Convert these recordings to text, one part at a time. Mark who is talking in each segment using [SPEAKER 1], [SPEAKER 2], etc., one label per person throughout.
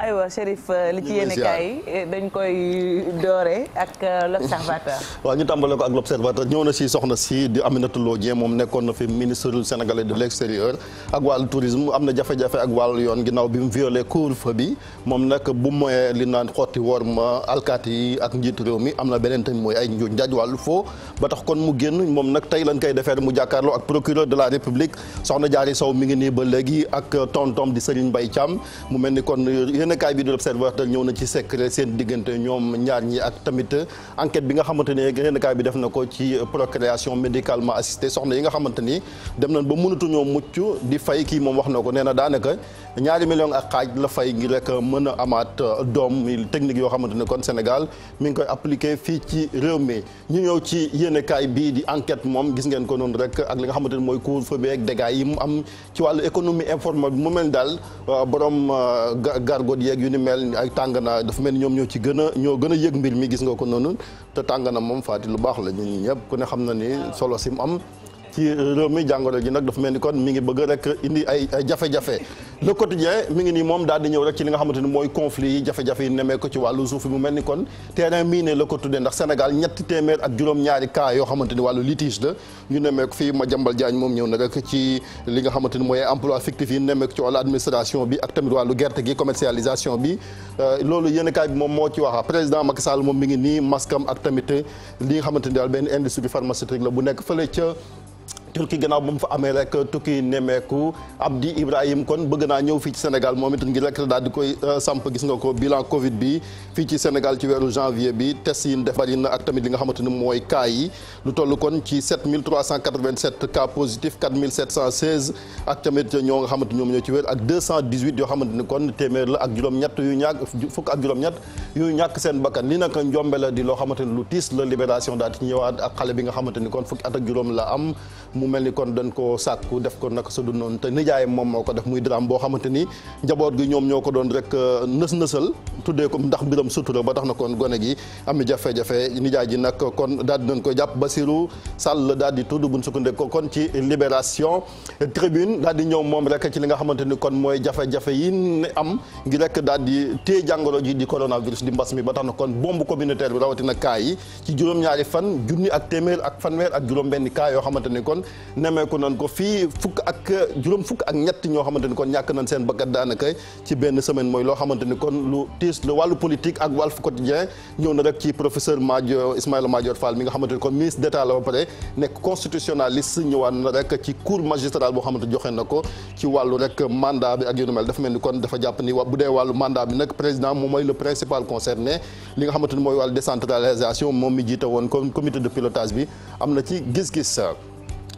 [SPEAKER 1] aywa Chérif euh, li ci yéene kaay euh, dañ koy doore ak euh, l'observateur waaw ñu tàmbale ko ak l'observateur ñëw na si soxna si di Aminata Lo Dieng moom nekkoon na fi ministre sénégalais de l'extérieur ak wàllu tourisme am na jafe-jafe ak wàllu yoon ginnaaw bi mu violé couvre-feu bi moom nag bu moyee li naan xotti woor ma alkaati yi ak njiitu réew mi am na beneen tamit mooy ay njuuj njaaj wàllu foo ba tax kon mu génn moom nag tey lañ koy defeere mu jàkkaarloo ak procureur de la république soxna Diary Sow mi ngi nii ba léegi ak tontom di Serigne Mbaye Thiam mu mel ni kon yéen a kaay na ci secret seen diggante ñoom ñaar ñi ak tamit enquête bi nga xamante ni yéen bi def na ko ci procréation médicalement assistée soxna yi nga xamante ni dem nañ ba mënatuñoo mucc di fay kii moom wax na ko nee na daanaka ñaari million ak xaaj la fay ngir rek mën a amaat doom technique yoo xamante ni kon Sénégal mi ngi koy appliqué fii ci réew mi ñu ñëw ci yéen kaay bii di enquête moom gis ngeen ko noonu rek ak li nga xamante ni mooy couvre-feu bi ak dégâts yi mu am ci wàllu économie informelle bi mu mel daal euh, borom euh, gargo méthode yu ni mel ay tàngana dafa mel ni ñoom ñoo ci gën a ñoo gën a yëg mbir mi gis nga ko noonu te tàng na moom Fatick lu baax la ñun ñëpp ku ne xam na ni solo sim am ci réew mi jàngoro ji nag dafa mel ni kon mi ngi bëgg rek indi ay jafe-jafe le quotidien mi ngi nii moom daal di ñëw rek ci li nga xamante ni mooy conflit yi jafe-jafe yi nemee ci wàllu suuf mu mel ni kon terrain mii ne la ko ndax Sénégal ñetti téeméer ak juróom-ñaari cas ni wàllu litige la ñu nemee ko fii Madiambal moom ñëw na li nga xamante ni mooy emploi fictif yi nemee ko ci wàllu administration bi ak tamit wàllu gerte gi commercialisation bi euh, loolu yéen kaay bi moom moo ci waxa président Macky Sall moom mi ngi nii maskam ak tamit li nga xamante ni daal benn industrie pharmaceutique la bu nekk fële ca Turquie gannaaw ba mu fa amee rek tukki nemmeeku Abdi Ibrahim kon bëgg naa ñëw fii ci Sénégal moom it ngir rek daal di koy euh, samp gis nga ko bilan Covid bi fii ci Sénégal ci weeru janvier bi test yi def bari na ak tamit li nga xamante ni mooy cas yi lu toll kon ci 7387 cas positifs 4716 ak tamit ñoo nga xamante ñoom ñoo ci wér ak 218 yoo xamante ni kon téeméer la ak juróom-ñett yu ñàkk fukk ak juróom-ñett yu ñàkk seen bakkan li nag njombe la di loo xamante ni lu tiis la libération daal di ñëwaat ak xale bi nga xamante ni kon fukki at ak juróom la am mu mel ni kon dañ ko saat ku def ko naka sa du noonu te nijaayam moom moo ko def muy drame boo xamante ni njaboot gi ñoom ñoo ko doon rek euh, nës-nësal tuddee ko ndax mbiram sutura ba tax na kon gone gi am jafe-jafe ji nag kon daal di nañ ko jàpp Basirou Sall daal di tudd buñ sukkandee kon ci Libération Tribune daal di ñëw moom rek ci li nga xamante ni kon mooy jafe yi ne am ngi rek daal di téye jàngoro ji di coronavirus di mbas mi ba tax na kon bombe communautaire bi rawatina cas yi ci juróom-ñaari fan junni ak téeméer ak fanweer ak juróom-benn cas yoo xamante ni kon nemeeku nan ko fii fukk ak juróom fukk ak ñett ñoo xamante ni kon ñàkk nañ seen bakkat daanaka ci benn semaine mooy loo xamante ni kon lu tiis la wàllu politique ak Walf Quotidien ñëw na rek ci professeur Madior Ismaïla Madior mi nga xamante ni kon ministre d'état la ba pare nekk rek ci cour boo xamante joxe na ko ci wàllu rek mandat bi ak yu nu mel dafa mel ni kon dafa jàpp ni bu dee wàllu mandat bi nag président moom mooy le principal concerné li nga xamante ni mooy wàllu décentralisation moom mi jiite woon comité de pilotage bi am na ci gis-gis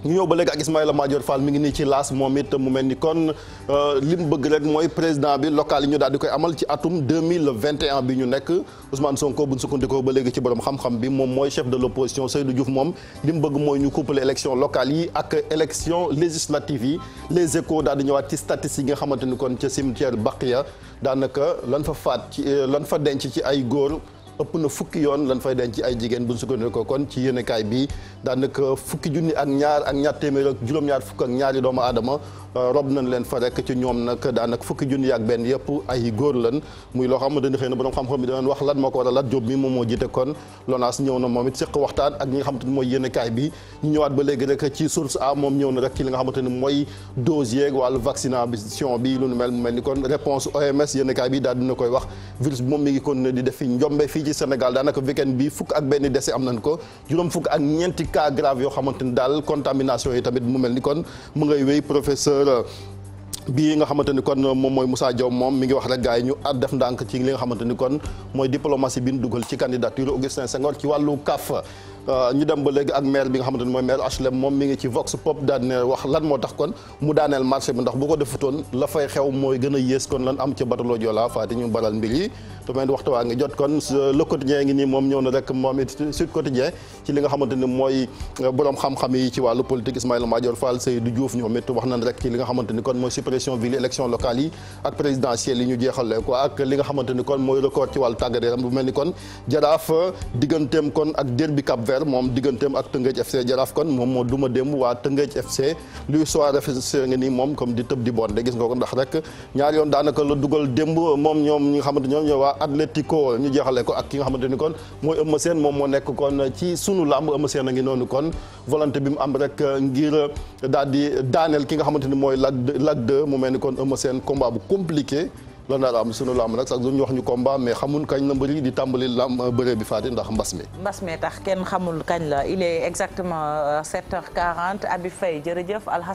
[SPEAKER 1] ñu ñëw ba léegi ak Ismaïla Madior Fall mi ngi nii ci laas moom it mu mel ni kon euh, li mu bëgg rek mooy président bi local yi ñu daal di koy amal ci atum 2021 bi ñu nekk Ousmane Sonko bu ñu sukkandikoo ba léegi ci borom xam-xam bi moom mooy chef de l'opposition Seydou Diouf moom li mu bëgg mooy ñu couplé élection locale yi ak élection législative yi les échos daal di ñëwaat ci statistiques yi nga xamante ni kon ca cimetière Baqiya daanaka lan fa faat ci euh, lan fa denc ci ay góor ëpp na fukki yoon lan fay denc ay jigéen buñ sukkandikoo kon ci yéenekaay bi daanaka fukki junni ak ñaar ak ñaar téeméer ak juróom-ñaar fukk ak ñaari doomu aadama Euh, rob nañ leen fa rek ci ñoom nag daanaka fukki junni ak benn yëpp ay góor lan muy loo xamante ni xëy xam-xam a lat Jóob mooy yéenekaay bi ñu a moom ñëw na rek ci li nga ni mooy dosier wàllu vaccination bi lu nu mel ni kon réponse OMS yéenekaay bi daal dina koy wax virus moom mi ngi continuer di def njombe fii ci Sénégal daanaka weekend bi fukk ak benn décès am nañ ko juróom fukk ak ñeenti cas grave yoo xamante daal contamination yi tamit mu mel ni kon mu ngay wéy professeur heure euh, bii nga xamante ni kon moom mooy musaa Diop moom mi ngi wax rek gars ñu at def ndànk ci li nga xamante ni kon mooy diplomatie bi ñu dugal ci candidature Augustin Senghor ci wàllu CAF Euh, ñu dem ba léegi ak maire bi nga xamante mooy maire HLM moom mi ngi ci vox pop daan wax lan moo tax kon mu daaneel marché bi ndax bu ko defutoon la fay xew mooy gën a yées kon lan am ca bataloo Joola faati ñu baral mbir yi te mel waxtu waa ngi jot kon le quotidien ngi nii moom ñëw na rek moom it Sud Quotidien ci li nga xamante mooy euh, borom xam-xam yi ci wàllu politique Ismaïla Madior Fall Seydou Diouf ñoom it wax nañ rek li nga xamante ni kon mooy suppression ville élection locale yi ak présidentielle yi vert moom digganteem ak Tëngéej FC Jaraaf kon moom moo duma démb waa Tëngéej FC luy soirée FC ngi nii moom comme di tëb di bonde gis nga ko ndax rek ñaar yoon daanaka la dugal démb moom ñoom ñi nga xamante ñoom ñooy waa Atlético ñu jeexale ko ak ki nga xamante ni kon mooy Eumeu Sène moom moo nekk kon ci sunu làmb Eumeu Sène a ngi noonu kon volonté bi mu am rek ngir daal di daaneel ki nga xamante ni mooy Lac 2 mu mel ni kon Eumeu Sène combat bu compliqué loolu daal am sunu làmb nag sax duñu wax ñu combat mais xamul kañ la mbëri di tàmbali làmb euh, bëre bi faati ndax mbas mi. mbas mi tax kenn xamul kañ la il est exactement 7h40 Abi fay jërëjëf Alhassane